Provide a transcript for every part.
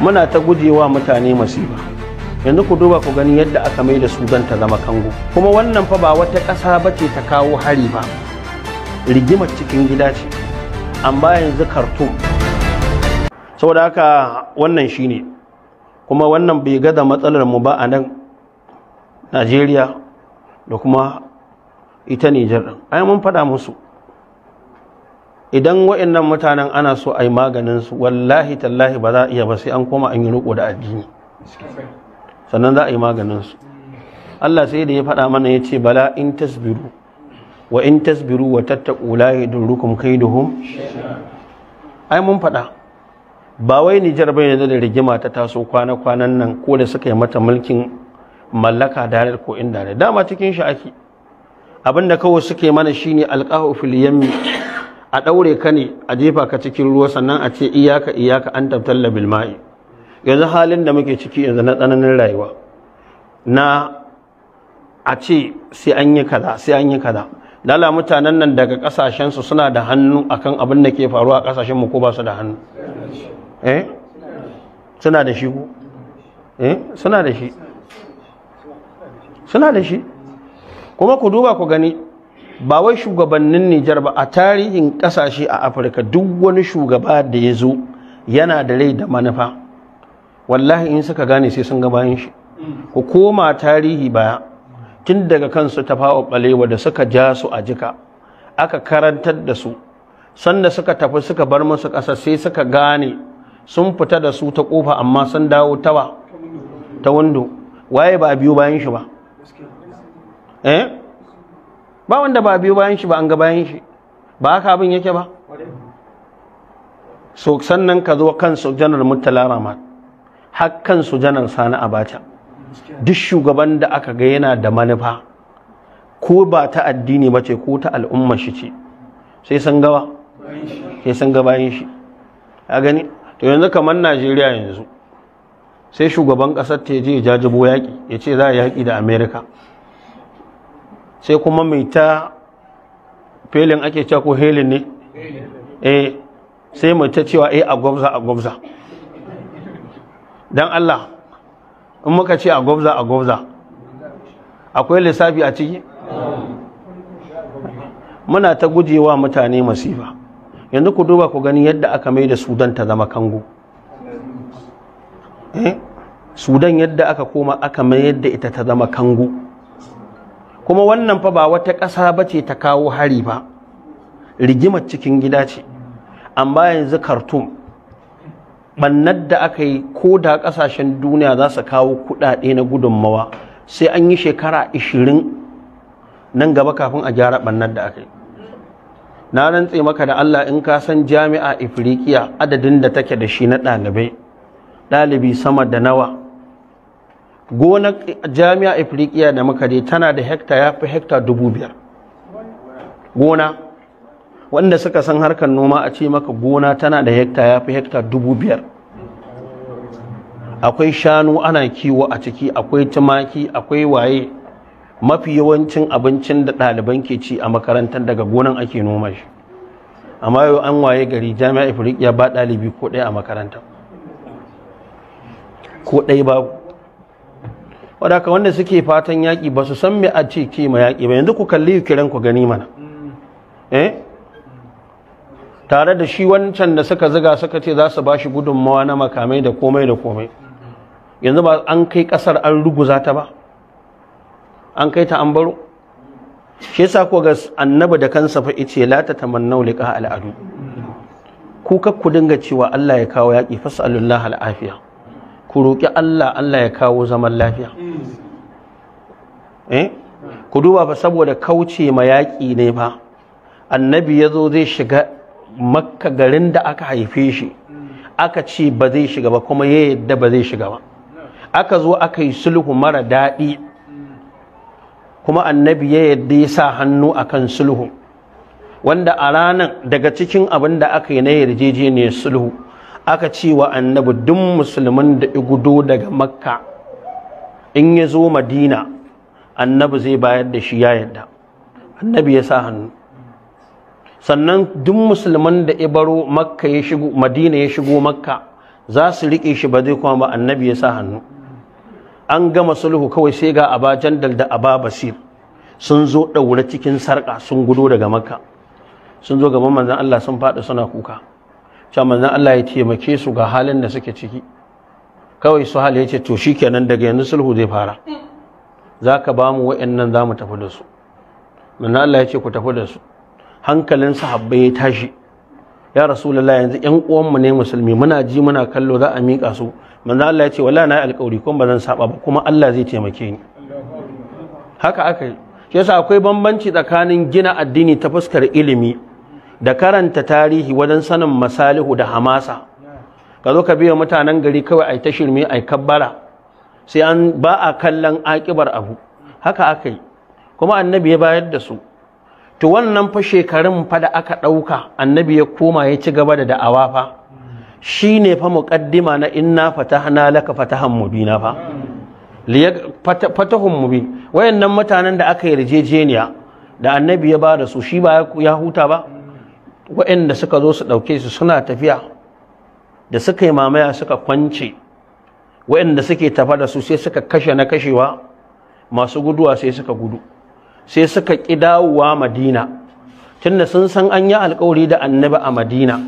muna ta gujewa mutane masifa yanzu ku duba ku gani yadda aka mai da su don ta zama kango kuma wannan fa ba wata ƙasa ba ce ta kawo hari ba rigimar cikin gida ce an yanzu khartoum saboda haka wannan shi ne, kuma wannan bai gada matsalar mu ba a nan najeriya da kuma ita nijar ai mun faɗa musu idan wa'annan mutanen ana so a yi maganin wallahi tallahi ba za a iya ba sai an koma an yi riko da addini sannan za a yi maganin Allah sai da ya faɗa mana ya ce bala in tasbiru wa in tasbiru wa tattaku kai da hum? ai mun faɗa ba wai Nijar bai da rigima ta taso kwana-kwanan nan ko da suka yi mata mulkin mallaka dare ko inda dama cikin shi ake abinda kawai suke mana shine alqahu fil yammi a ɗaure ka ne a jefa ka cikin ruwa sannan a ce iyaka iyaka an tabtar bil bilma'i yanzu halin da muke ciki yanzu na tsananin rayuwa na a ce sai an yi kaza sai an yi kaza lala mutanen nan daga kasashensu suna da hannu akan abin da ke faruwa a kasashen mu ko ba su da hannu eh? eh? suna da shi kuma ku duba ku gani ba wai shugabannin Nijar ba a tarihin kasashe a Afirka duk wani shugaba da ya zo yana da rai da manufa wallahi in suka gane sai sun ga bayan shi ku koma tarihi baya tun daga kansu tafawa balewa da suka ja su a jika aka karantar da su sanda suka tafi suka bar musu ƙasa sai suka gane sun fita da su ta kofa amma sun dawo tawa ta wando waye ba a biyo bayan shi ba eh ba wanda ba biyo bayan shi ba an ga bayan shi ba haka abin yake ba so sannan ka zo kan janar murtala rahmat har kan janar sani abacha duk shugaban da aka ga yana da manufa ko ba ta addini ba ce ko ta al'umma shi ce sai sun gaba sai sun gaba yin shi a gani to yanzu kamar najeriya yanzu sai shugaban ƙasar ta je jajibo yaƙi ya ce za a yaƙi da amerika sai kuma mai ta felin ake cewa ko helin ne eh sai mai ta cewa eh a agwabza a dan Allah in muka ce a agwabza a akwai lissafi a ciki muna ta gujewa mutane masifa yanzu ku duba ku gani yadda aka mai da sudan ta zama kango eh, sudan yadda aka koma aka mai yadda ita ta zama kango kuma wannan fa ba wata ƙasa ba ce ta kawo hari ba rigimar cikin gida ce amma yanzu zikartu bannar da aka yi ko da ƙasashen duniya za su kawo kuɗaɗe na gudunmawa sai an yi shekara 20 nan gaba kafin a gyara ɓannar da aka yi na rantse maka da Allah in ka san jami'a ifirikiya adadin da take da shi na ɗalibai ɗalibi sama da nawa gonar jami'a afirikiya da muka je tana da hekta ya fi hekta dubu biyar gona wanda suka san harkar noma a ce maka gona tana da hekta ya fi hekta dubu biyar akwai shanu ana kiwo a ciki akwai tumaki akwai waye mafi yawancin abincin da ɗaliban ke ci a makarantar daga gonan ake noma shi amma yau an waye gari jami'a afirikiya ba ɗalibi ko ɗaya a makarantar ko ɗaya ba wadaka wanda suke fatan yaƙi ba su san me a ce ke ma yaƙi ba yanzu ku kalli kiran ku gani mana eh tare da shi wancan da suka ziga suka ce za su ba shi gudunmawa na makamai da komai da komai yanzu ba an kai kasar an ruguza ta ba an kai ta an baro shi yasa ko ga annabi da kansa fa yace la tatamannau liqa al'adu ku ku dinga cewa Allah ya kawo yaƙi fasallallahu al'afiya ku roƙi Allah Allah ya kawo zaman lafiya eh ku duba ba saboda kauce ma yaƙi ne ba annabi ya zo zai shiga makka garin da aka haife shi aka ce ba zai shiga ba kuma ya yadda ba zai shiga ba aka zo aka yi sulhu mara daɗi kuma annabi ya yadda ya sa hannu akan sulhu wanda a ranar daga cikin abin da aka yi na yarjejeniyar sulhu aka ce wa annabi duk musulmin da igudo daga makka in ya zo madina annabi zai bayar da shi ya yadda annabi ya sa hannu sannan duk musulman da ibaro makka ya shigo madina ya shigo makka za su riƙe shi ba zai kuma ba annabi ya sa hannu an gama sulhu kawai sai ga aba jandal da aba basir sun zo ɗaure cikin sarƙa sun gudo daga makka sun zo gaban manzan Allah sun faɗi suna kuka can manzan Allah ya taimake su ga halin da suke ciki kawai su hal ya ce to shi kenan daga yanzu sulhu zai fara za ka ba mu wa'annan za mu tafi da su manzan Allah ya ce ku tafi da su hankalin sahabbai ya tashi ya rasulullah yanzu yan uwanmu ne musulmi muna ji muna kallo za a miƙa su manzan Allah ya ce wala na yi alƙawari kuma ba zan saba ba kuma Allah zai taimake ni haka aka yi shi yasa akwai bambanci tsakanin gina addini ta fuskar ilimi da karanta tarihi wajen sanin masalihu da hamasa ka zo ka biya mutanen gari kawai a yi ta shirme a yi kabbara sai an ba a kallon aƙibar abu haka aka yi kuma annabi ya bayar da su to wannan fa shekarun fa da aka ɗauka annabi ya koma ya ci gaba da da'awa fa shi ne fa muqaddima na inna fatahna laka fatahan mubina fa fatahun mubi wayannan mutanen da aka yarjejeniya da annabi ya ba da su shi ba ya huta ba waɗanda suka zo su ɗauke su suna tafiya da suka yi mamaya suka kwance waɗanda suke tafa da su sai suka kashe na kashewa masu guduwa sai suka gudu sai suka ƙi dawowa madina tunda sun san an yi alkawari da annabi a madina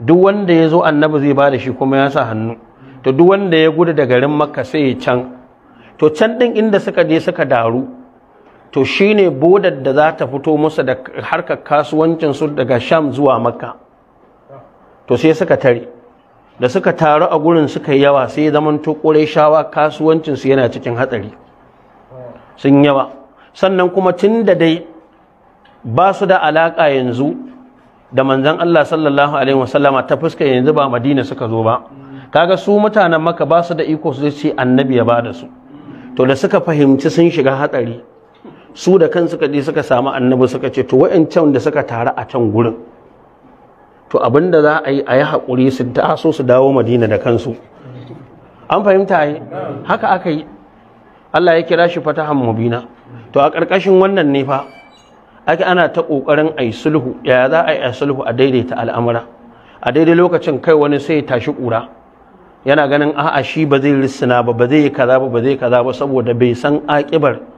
duk wanda ya zo annabi zai ba da shi kuma ya sa hannu to duk wanda ya gudu da garin makka sai ya can to can ɗin inda suka je suka daru to shine bodar da za ta fito musu da harkar kasuwancinsu daga sham zuwa makka to sai suka tare da suka taru a gurin suka yi yawa sai zaman to shawa kasuwancin yana cikin hatsari sun yawa sannan kuma tun da dai ba su da alaƙa yanzu da manzan Allah sallallahu alaihi wasallama ta fuska yanzu ba Madina suka zo ba kaga su mutanen Makka ba su da iko su ce annabi ya ba da su to da suka fahimci sun shiga hatsari su da kansu suka suka samu annabi suka ce to wayancan da suka taru a can gurin to abinda za a yi a yi haƙuri su taso su dawo madina da kansu an fahimta yi haka aka yi Allah ya kira shi fatahan mubina to a ƙarƙashin wannan ne fa ake ana ta ƙoƙarin a yi sulhu yaya za a yi a sulhu a daidaita al'amura a daidai lokacin kai wani sai tashi ƙura yana ganin a'a shi ba zai risina ba ba zai yi kaza ba ba zai kaza ba saboda bai san aƙibar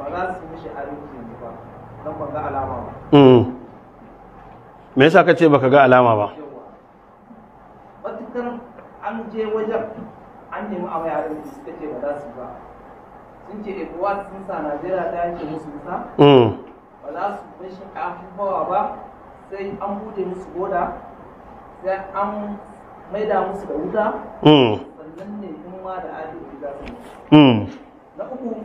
ba za su mishi arziki yanzu ba don ban ga alama ba hmm. me yasa ka ce baka ga alama ba matukar an je wajen an nemi a mai arziki suka ce ba za su ba sun ce ekuwa sun sa najeriya ta yanke musu nisa hmm. ba za su mishi abubuwa ba sai an bude musu boda sai an maida musu da wuta hmm. sannan ne kuma da adalci za su na uku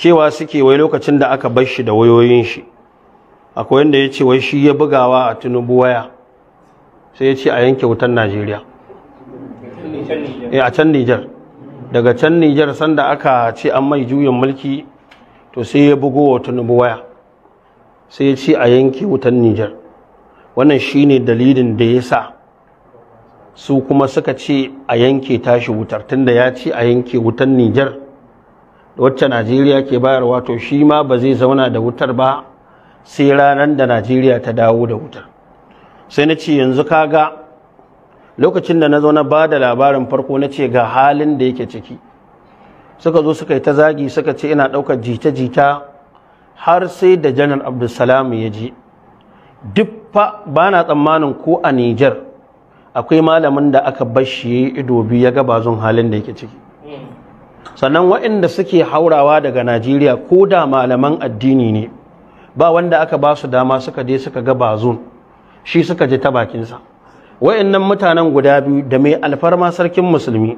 cewa suke wai lokacin da aka bar shi da wayoyin shi akwai wanda ya ce wai shi ya bugawa a tinubu waya sai ya ce a yanke wutan najeriya eh, a can nijar daga can nijar sanda aka ce an mai juyin mulki to sai ya bugo wa tinubu waya sai ya ce a yanke wutan nijar wannan shine dalilin da ya sa su kuma suka ce a yanke tashi wutar tunda ya ce a yanke wutan nijar wacce najeriya ke bayarwa to shi ma ba zai zauna da wutar ba sai ranar da najeriya ta dawo da wutar sai na ce yanzu ga lokacin da na zo na ba da labarin farko na ce ga halin da yake ciki suka zo suka yi ta zagi suka ce ina ɗaukar jita-jita har sai da janar abdulsalam ya je duk fa ba na tsammanin ko a nijar akwai malamin da aka bashi ido biyu ya ga bazon halin da yake ciki sannan waɗanda suke haurawa daga najeriya ko da malaman addini ne ba wanda aka ba su dama suka je suka ga bazun shi suka ji ta bakinsa waɗannan mutanen guda biyu da mai alfarma sarkin musulmi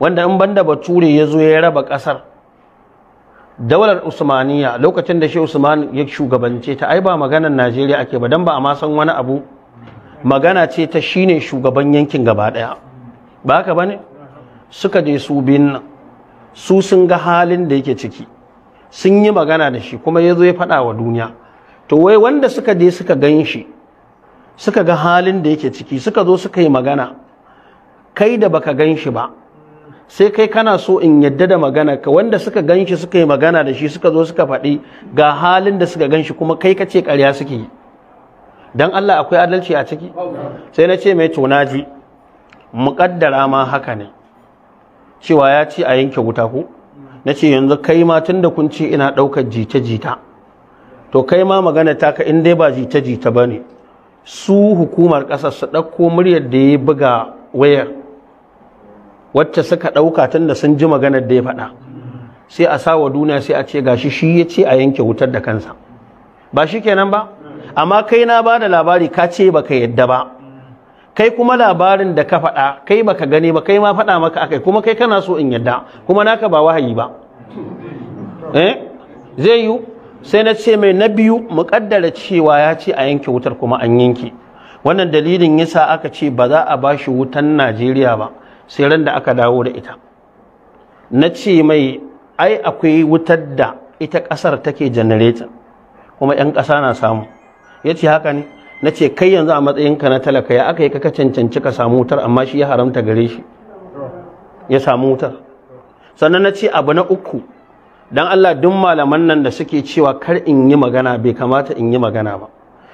wanda in banda bature ya zo ya raba ƙasar daular usmaniya lokacin da shi usman ya shugabance ta ai ba maganar najeriya ake ba don ba a ma san wani abu magana ce ta shine shugaban yankin gaba ɗaya ba haka ba ne suka je su biyun nan su sun ga halin da yake ciki sun yi magana da shi kuma ya zo ya faɗa wa duniya to wai wanda suka je suka gan shi suka ga halin da yake ciki suka zo suka yi magana kai da baka gan shi ba sai kai kana so in yadda da magana ka wanda suka gan shi suka yi magana da shi suka zo suka faɗi ga halin da suka gan shi kuma kai ka ce ƙarya suke yi dan Allah akwai adalci a ciki sai na ce mai tunaji muƙaddara ma haka ne cewa ya ce a yanke wuta ku? na ce yanzu kai ma tun da kun ce ina ɗaukar jita-jita to kai ma magana ta ka in dai ba jita-jita ba ne su hukumar ƙasar su ɗauko muryar da ya buga wayar wacce suka ɗauka tun da sun ji maganar da ya faɗa sai a sa wa duniya sai a ce gashi shi ya ce a yanke wutar da kansa ba shi kenan ba amma kai na ba da labari ka ce ba ka yadda ba kai kuma labarin da ka faɗa kai baka gani ba kai ma faɗa maka akai kuma kai kana so in yadda kuma naka ba wahayi ba eh zai yi sai na ce mai na biyu muƙaddara cewa ya ce a yanke wutar kuma an yanke wannan dalilin yasa aka ce ba za a shi wutan Najeriya ba sai ran da aka dawo da ita na ce mai ai akwai wutar da ita ƙasar take janareta kuma 'yan ƙasa na samu ya ce haka ne na ce kai yanzu a matsayinka na talaka ya aka yi ka cancanci ka samu wutar amma shi ya haramta gare shi ya samu wutar sannan na ce abu na uku don Allah duk malaman nan da suke cewa kar in yi magana bai kamata in yi magana ba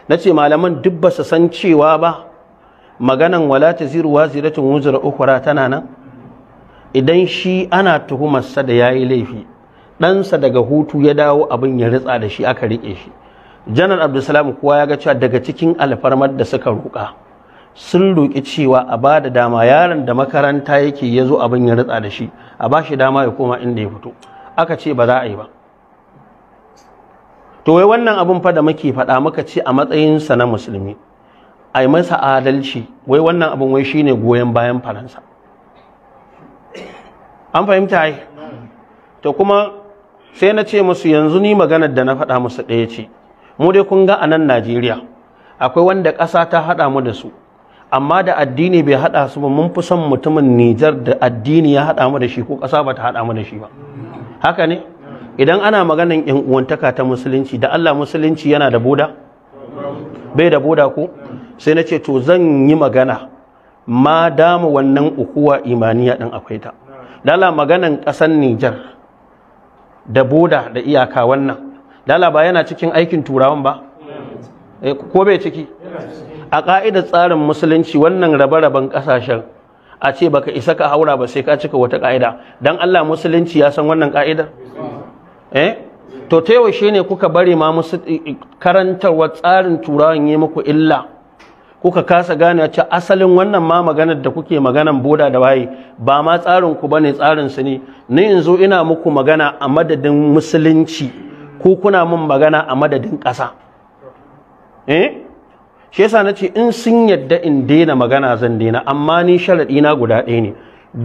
na ce malaman duk ba su san cewa ba maganan wala taziru waziratun wuzra ukura tana nan idan shi ana tuhumarsa da ya yi laifi ɗansa daga hutu ya dawo abin ya ritsa da shi aka riƙe shi janar abdulsalam kuwa ya ga cewa daga cikin alfarmar da suka roƙa sun roƙi cewa a ba da dama yaron da makaranta yake ya zo abin ya ritsa da shi a ba shi dama ya koma inda ya fito aka ce ba za a yi ba to wai wannan abin fa da muke faɗa muka ce a matsayinsa na musulmi a yi masa adalci wai wannan abin wai shine goyon bayan faransa an fahimta ai to kuma sai na ce musu yanzu ni maganar da na faɗa musu ɗaya ce mu dai kun ga a nan Najeriya akwai wanda ƙasa ta haɗa mu da su amma da addini bai haɗa su ba mun fi son mutumin Nijar da addini ya haɗa mu da shi ko ƙasa ba ta haɗa mu da shi ba haka ne idan ana maganan yan uwantaka ta musulunci da Allah musulunci yana da boda bai da boda ko sai na ce to zan yi magana ma dama wannan ukuwa imaniya ɗin akwai ta da allah maganan ƙasan Nijar da boda da iyaka wannan Lala ba yana cikin aikin turawan ba eh, ko bai ciki a ƙa'idar tsarin musulunci wannan rabe-raben ƙasashen a ce baka isa ka haura ba sai ka cika wata ƙa'ida dan Allah musulunci ya san wannan ƙa'idar eh to ta yau ne kuka bari ma karantarwa tsarin turawan yi muku illa kuka kasa gane a ce asalin wannan ma maganar da kuke maganan boda da waye ba ma tsarin ku bane tsarin su ne ni yanzu ina muku magana a madadin musulunci ko kuna min magana a madadin ƙasa eh shi yasa nace in sun yadda in daina magana zan daina amma ni sharadi na guda ɗaya ne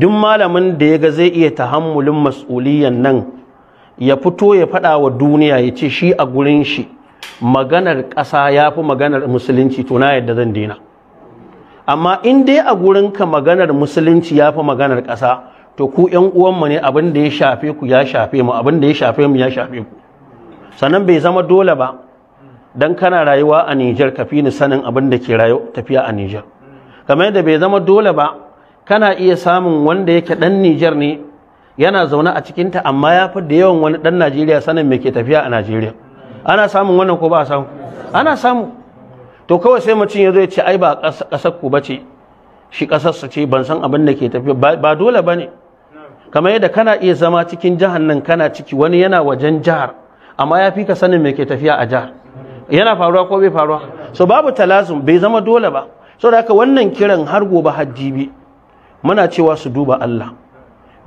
duk malamin da ya ga zai iya tahammulin mas'uliyan nan ya fito ya faɗa wa duniya ya ce shi a gurin shi maganar ƙasa ya fi maganar musulunci to na yadda zan daina amma in dai a gurinka maganar musulunci ya fi maganar ƙasa to ku 'yan uwanmu ne abin da ya shafe ku ya shafe mu abin da ya shafe mu ya shafe ku sannan bai zama dole ba dan kana rayuwa a Nijar ka fi ni sanin abin da ke tafiya a Nijar kamar yadda bai zama dole ba kana iya samun wanda yake dan Nijar ne yana zaune a cikin ta amma ya fi da yawan wani dan Najeriya sanin me ke tafiya a Najeriya ana samun wannan ko ba samu ana samu to kawai sai mutum ya zo ya ce ai ba ƙasar ku bace shi ƙasar su ce ban san abin da ke tafiya ba dole bane kamar yadda kana iya zama cikin jihar nan kana ciki wani yana wajen jihar amma ya fi ka sanin me ke tafiya a jihar yana faruwa ko bai faruwa so babu talazum bai zama dole ba so da haka wannan kiran har gobe hajji bi muna cewa su duba Allah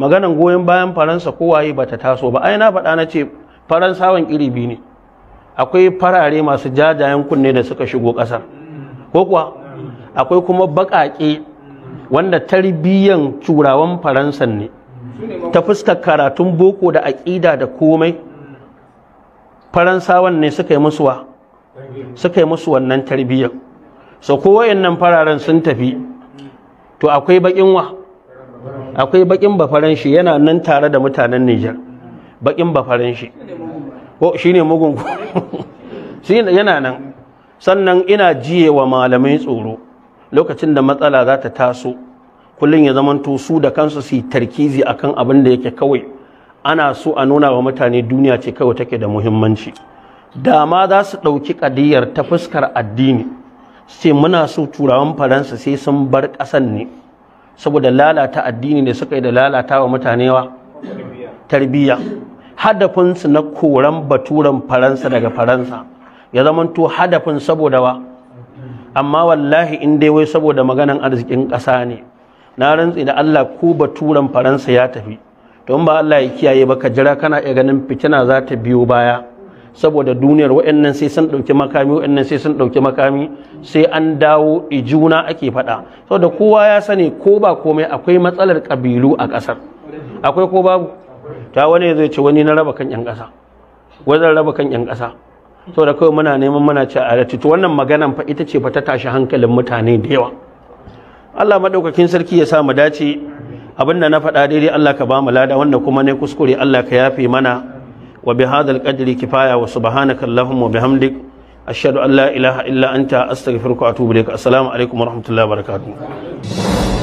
maganan goyon bayan faransa kowaye bata taso ba ai na faɗa na ce faransawan iri biyu ne akwai farare masu jajayen kunne da suka shigo ƙasar ko kuwa akwai kuma baƙaƙe wanda tarbiyyan turawan faransan ne ta fuskar karatun boko da aƙida da komai faransawan ne suka yi musu wa suka yi musu wannan tarbiyyar so ko wayannan fararen sun tafi to akwai bakin wa akwai bakin bafaren shi yana nan tare da mutanen Niger? bakin bafaren shi ko shine mugun shi yana nan sannan ina jiye wa malamai tsoro lokacin da matsala za ta taso kullun ya zamanto su da kansu su yi tarkizi akan abin da yake kawai ana so a nuna wa mutane duniya ce kawai take da muhimmanci da ma za su ɗauki ƙadiyar ta fuskar addini sai muna so turawan faransa sai sun bar ƙasan ne saboda lalata addini da suka yi da lalata wa mutane wa tarbiyya hadafinsu na koran baturan faransa daga faransa ya zama to hadafin saboda wa amma wallahi in dai wai saboda maganan arzikin ƙasa ne na rantsi da Allah ko baturan faransa ya tafi don ba Allah ya kiyaye ba ka jira kana iya ganin fitina za ta biyo baya saboda duniyar wa'annan sai sun ɗauki makami wa'annan sai sun ɗauki makami sai an dawo ijuna ake faɗa saboda kowa ya sani ko ba komai akwai matsalar ƙabilu a ƙasar akwai ko babu ta wani zai ce wani na raba kan ƴan ƙasa wajen raba kan ƴan ƙasa saboda kawai muna neman muna ce a to wannan maganan fa ita ce fa ta tashi hankalin mutane da yawa Allah madaukakin sarki ya sa mu dace abin da na faɗa daidai Allah ka bamu lada wanda kuma ne kuskure Allah ka yafe mana wa bihadhal qadri kifaya wa subhanaka allahumma wa bihamdik ashhadu an la ilaha illa anta astaghfiruka wa atubu ilaik assalamu alaikum wa rahmatullahi wa barakatuh